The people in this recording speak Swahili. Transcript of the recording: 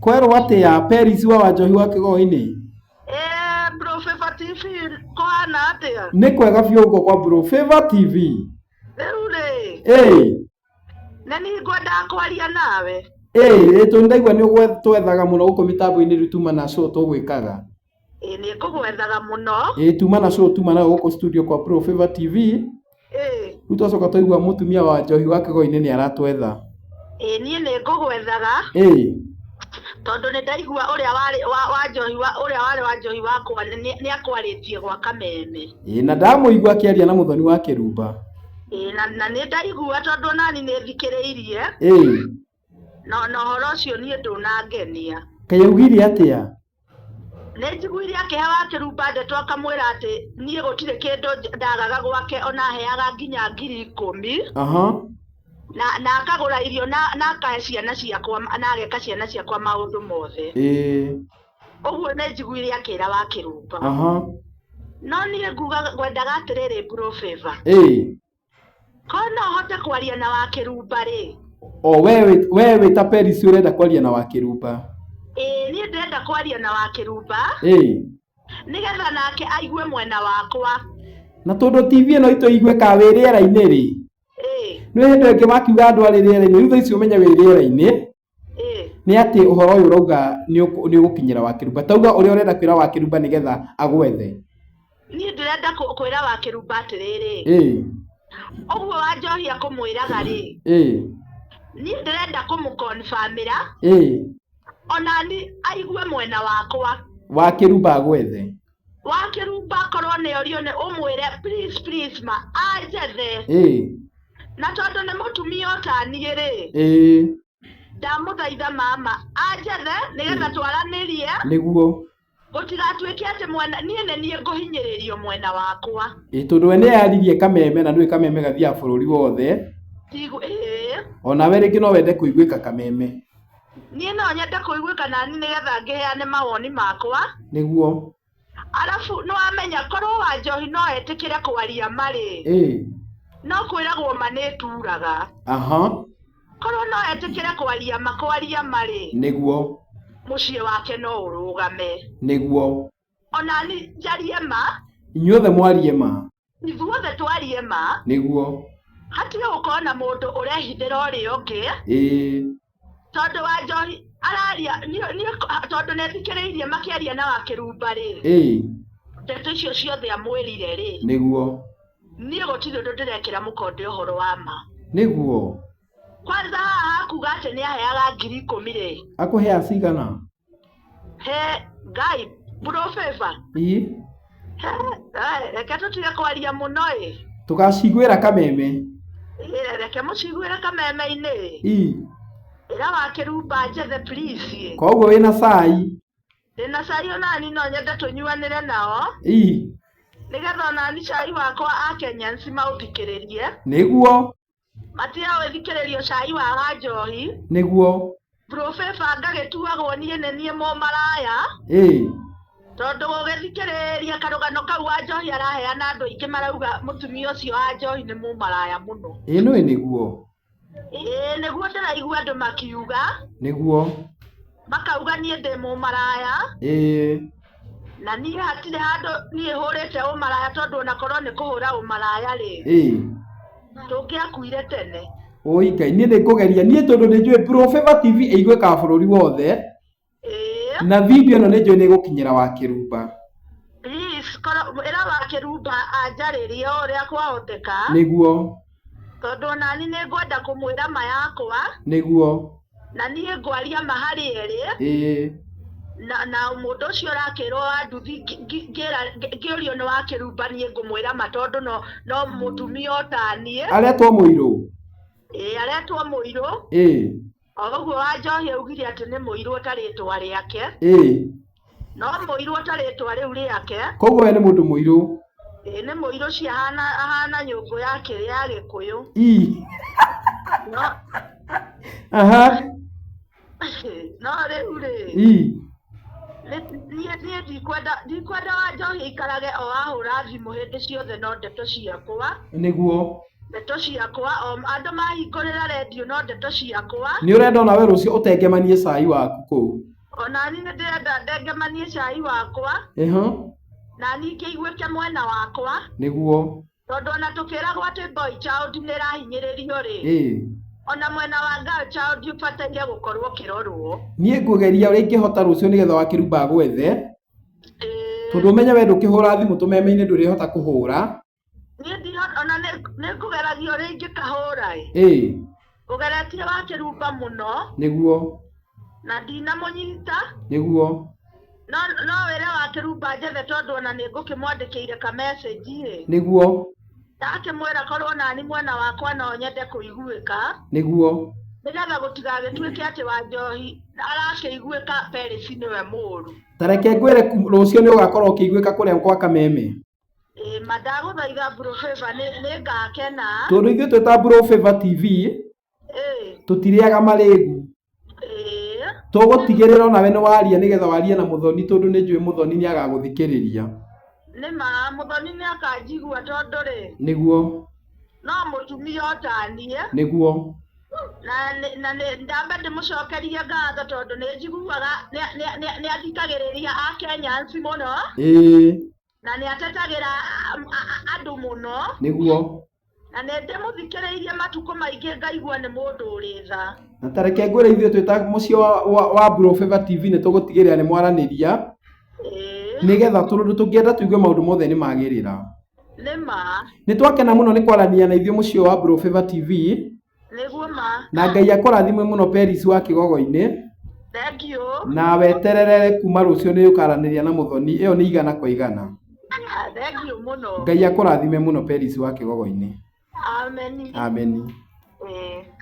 kwerwo atä ya Peris wa Wanjohi wa Kigoini Bro-Favor eh, TV kũhana atĩa nĩ kwega biũ guko kwa Bro-Favor TV rĩu rĩ ĩĩ na nĩ ngwendaga kwaria nawe eto tondũ ndaigua nĩ twethaga mũno gũkũ mĩtambo-inĩ rĩu tuma na show tũgwĩkaga ĩĩ nĩ ngũgwethaga mũno ĩĩ tuma na show tuma na uko studio kwa Bro-Favor TV rĩu twacoka twaigua mũtumia wa Njohi wa Kigoini nĩ aratwetha ä niä nä ngå gwethaga tondå nä ndaigua å rä a warä wa njohi wakwa nä akwarä tie gwa kameme na ndamå igua akä aria na må thoni wa kä rumba na nä ndaigua tondå nani nä thikä rä irie na å horo å cio niä ndå na ngenia kaä augire atä a nä njiguire akĩhewa akĩrumba ndeto akamwĩra atĩ niĩ gũtirĩ kĩndũ ndagaga gwake ona heaga nginya ngiri ikũmi na na akagura irio na na akahe ciana ciakwa na ageka ciana ciakwa maundu mothe ũguo nĩ jiguire akira wa aha no ni nguga ngwendaga bro favor korwo no hote kwaria na wa kirumba ri o wewe wewe ta perisi ũrenda kwaria na wa kirumba ĩĩ ni ndenda kwaria na wa kĩrumba nĩgetha nake aigue mwena wakwa na tondũ tv ĩno itũigue ka wĩ rĩera ineri nä hä ndä ä ngä wakiuga andå arä rä erainä rä u thaici å menya wä rä era-inä eh. nä atä å horo å yå å rauga nä å gå kinyä ra wakä rumba tauga å rä a å renda kwä ra wakä rumba nä getha agwethe niä ndä renda kwä ra wakä rumba atä rä eh. rä å guo wanjohia kå mwä raga rä eh. niä ndä renda kå må ra onani aigue mwena wakwa wakä rumba agwethe wakä rumba akorwo nä orio nä å mwä re ma anjethe na tondu ni mutumia utaniĩ ndamå thaitha mama anjethe guo gå tigatuä ke atä mwena ngå hinyä rä rio mwena wakwa ĩ tondũ we yaririe kameme na ndũĩ kameme gathiaga bũrũri wothe tigu ĩĩ ona we rĩngĩ no wende ka kameme niĩ no nyende kũiguĩka nani hea nä mawoni makwa guo arabu wamenya korwo njohi no re kwaria marĩ no kwiragwo ma nä turaga aha korwo no etĩkĩre kwaria ma kwaria marĩ nĩguo mũciĩ wake no ũrũgame nĩguo ona ni njarie ma inyuothe mwarie ma ithuothe twarie ma nĩguo hatirĩ gũkorwo na mũndũ ũrehithĩra ũrĩa ũngĩ ĩĩ tondũ wa njohi araria tondũ nĩthikĩrĩirie makĩaria na wakĩrumba rĩ ndeto icio ciothe amwĩrire rĩ nĩguo niä gåtirä å ndå ndä rekä ra må konde å horo wa ma nä guo kwanza haha akuga atä nä aheaga ngiri ikå mi rä akå hea cigana he ngai brofeva reke tå tige kwaria må no ä tå gaciguä ra kameme reke må ciguä ra kameme-inä ii ä ra wakä rumba njethe koguo wä na cai ndä na cai onani no nyende tå nyuanä re nao ii nigetha onani cai wakwa akenyans maũthikĩrĩrie nĩguo matige gwĩthikĩrĩrio cai wa wanjohi nĩguo profesa ngagĩtuagwo niĩ nĩ niĩ mũmaraya ĩĩ tondũ gũgĩthikĩrĩria karũgano kau wa njohi araheana andũ aingĩ marauga mũtumia ũcio wa njohi nĩ mũmaraya mũno ĩĩ nĩĩ nĩguo ĩĩ nĩguo ndĩraigua andũ makiuga nĩguo makauga niĩ ndĩ maraya ĩĩ na niä hatirä handå niä hå rä te å maraya tondå onakorwo nä kå hå ra å maraya rä tå ngä akuire tene å ikai niä nä ngå geria niä tondå nä njå ä tv ä igwä kaga bå rå ri wothe na video ä no nä njå nä gå kinyä ra wa kä rumba ä ra wa kä rumba anjarä rie o rä a kwahoteka nä guo tondå onani nä ngwenda kå mwä ra mayakwa nä guo na niä ngwaria maharä erä na na mundu ucio rakirwo wa nduthi ngĩũrio nĩ wakĩrumba niĩ ngũmwĩra ma tondũ no no mũtumia ũtaniĩ aretwo mũirũ ĩĩ aretwo mũirũ ĩĩ oguo wa njohi augire atĩ nĩ mũirũ ũtarĩtwa rĩake e no mũirũ ũtarĩtwa rĩu rĩake koguo we nĩ mũndũ mũirũ ĩĩ nĩ mũirũ hana hana ahana nyũngũ ya kĩrĩ ya gĩkũyũ no aha no rĩu rĩ ndikwenda ndikwendaga njohi ikarage o ahå thimå hä ndä ciothe no ndeto ciakwa nä guo ndeto ciakwa andå mahingå rä ra rendio no ndeto ciakwa nä å renda ona we rå cio å tengemanie cai waku kå u onani nä ndä renda ndengemanie cai wakwa ähå na ningä igwä ke mwena wakwa nä guo tondå ona tå kä ragwo atä boy child nä rahinyä rä rio rä ona mwena wa girl child ubataire gukorwo kirorwo nie ngugeria uria ingihota rucio nigetha wakirumba gwethe tondu umenye we ndukihura thimu tumemeine ndurihota kuhura ona nikugeragia uria ingikahura ii ugeretie wakirumba muno niguo na ndina ndinamunyita niguo no no wire wakirumba njethe tondu ona ningukimwandikiire ka message ri niguo ndakĩmwĩra korwo nani mwena wakwa no nyende kũiguĩka nĩguo nĩgetha gũtigagĩtuĩke atĩ wa njohi arakĩiguĩka Paris nĩwe mũũru ta reke ngwĩre rũciũ nĩ ũgakorwo ũkĩiguĩka kũrĩa kwa kameme ĩĩ ma ndagũthaitha Bluefavour nĩ ngakena tondũ ithuĩ twĩ ta Bluefavour TV tũtirĩaga marĩgu tũgũtigĩrĩra onawe nĩ waria nĩgetha warie na mũthoni tondũ nĩ njũĩ mũthoni nĩ agagũthikĩrĩria nä ma må thoni nä akanjigua tondå rä nä no må tumia niguo nä guo na ndamba ndä må cokerie ngatho tondå nä njiguaga nä athikagä rä ria nsi må no na nä atetagä ra andå må no nä guo na nä ndä må thikä rä irie matukå maingä ngaigua nä må ndå rä tha na tareke ngwä ra twita twä ta må ciĩ wa tv nä tå gå tigä rä ra nä mwaranä ria nigetha turundu tungienda tuigue maundu mothe ni magirira nima ni twakena muno ni kwarania na ithuĩ mũciĩ wa Blue Favor TV niguo ma na ngai akũrathimwe muno Peris wa kigogo-ini thank you na weterere kuma rucio ni ukaranĩria na muthoni iyo ni igana kwa igana thank you muno ngai akũrathime muno Peris wa kigogo-ini ameni ameni eh